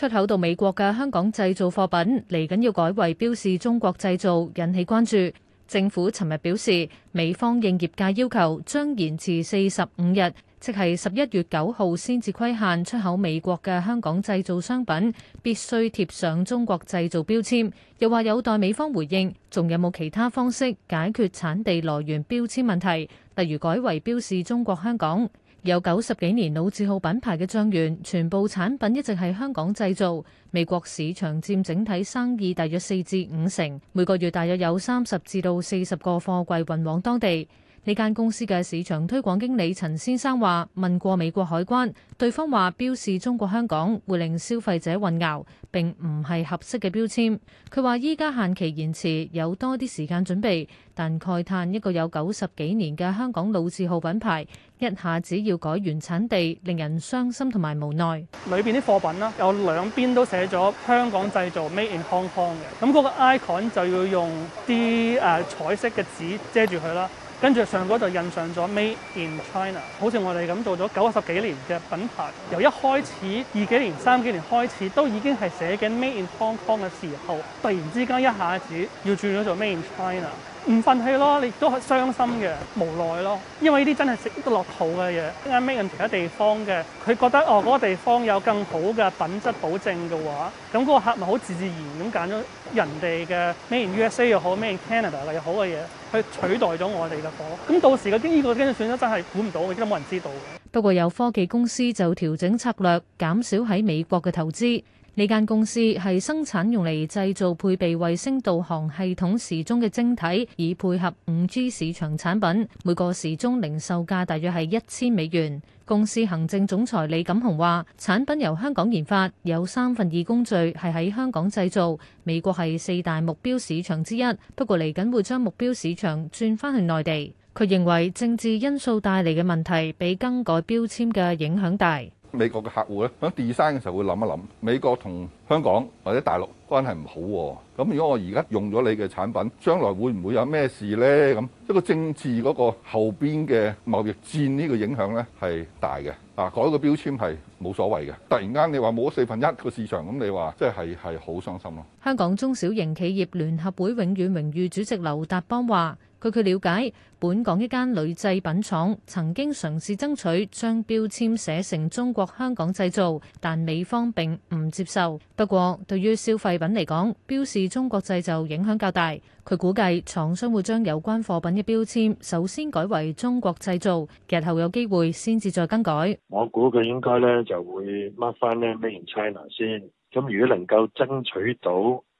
出口到美國嘅香港製造貨品嚟緊要改為標示中國製造，引起關注。政府尋日表示，美方應業界要求，將延遲四十五日，即係十一月九號先至規限出口美國嘅香港製造商品必須貼上中國製造標籤，又話有待美方回應仲有冇其他方式解決產地來源標籤問題，例如改為標示中國香港。有九十幾年老字號品牌嘅醬園，全部產品一直係香港製造。美國市場佔整體生意大約四至五成，每個月大約有三十至到四十個貨櫃運往當地。呢間公司嘅市場推廣經理陳先生話：問過美國海關，對方話標示中國香港會令消費者混淆，並唔係合適嘅標籤。佢話依家限期延遲，有多啲時間準備，但慨嘆一個有九十幾年嘅香港老字號品牌，一下子要改原產地，令人傷心同埋無奈。裏邊啲貨品啦，有兩邊都寫咗香港製造 （Made in Hong Kong） 嘅，咁、那、嗰個 icon 就要用啲誒彩色嘅紙遮住佢啦。跟住上個就印上咗 Made in China，好似我哋咁做咗九十幾年嘅品牌，由一開始二幾年、三幾年開始，都已經係寫緊 Made in Hong Kong 嘅時候，突然之間一下子要轉咗做 Made in China。唔忿氣咯，你都係傷心嘅，無奈咯。因為呢啲真係食得落肚嘅嘢，啱孭緊其他地方嘅，佢覺得哦嗰個地方有更好嘅品質保證嘅話，咁嗰個客咪好自自然咁揀咗人哋嘅 Made in USA 又好，Made in Canada 又好嘅嘢去取代咗我哋嘅貨。咁到時個呢個經濟選擇真係估唔到，亦都冇人知道嘅。不過有科技公司就調整策略，減少喺美國嘅投資。呢間公司係生產用嚟製造配備衛星導航系統時鐘嘅晶體，以配合 5G 市場產品。每個時鐘零售價大約係一千美元。公司行政總裁李錦雄話產品由香港研發，有三分二工序係喺香港製造。美國係四大目標市場之一，不過嚟緊會將目標市場轉翻去內地。佢認為政治因素帶嚟嘅問題比更改標籤嘅影響大。美國嘅客戶咧，喺 design 嘅時候會諗一諗，美國同香港或者大陸關係唔好喎、啊。咁如果我而家用咗你嘅產品，將來會唔會有咩事呢？咁一個政治嗰個後邊嘅貿易戰呢個影響呢，係大嘅。啊，改個標籤係冇所謂嘅。突然間你話冇咗四分一個市場，咁你話即係係好傷心咯、啊。香港中小型企業聯合會永遠榮譽主席劉達邦話。。據佢了解，本港一間鋁製品廠曾經嘗試爭取將標籤寫成中國香港製造，但美方並唔接受。不過，對於消費品嚟講，標示中國製造影響較大。佢估計，廠商會將有關貨品嘅標籤首先改為中國製造，日後有機會先至再更改。我估佢應該咧就會 mark 返咧 made in China 先。咁如果能夠爭取到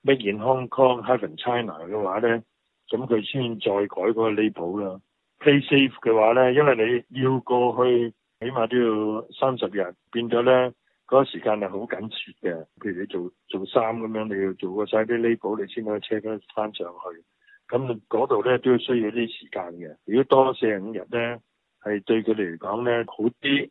Made in Hong Kong, 咁佢先再改個 label 啦。Play safe 嘅話呢，因為你要過去，起碼都要三十日，變咗呢嗰、那個時間係好緊切嘅。譬如你做做衫咁樣，你要做個晒啲 label，你先可以 c 翻上去。咁嗰度呢，都要需要啲時間嘅。如果多四日五日呢，係對佢嚟講呢，好啲。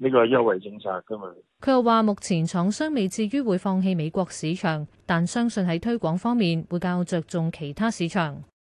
呢個係優惠政策㗎嘛？佢又話，目前廠商未至於會放棄美國市場，但相信喺推廣方面會較着重其他市場。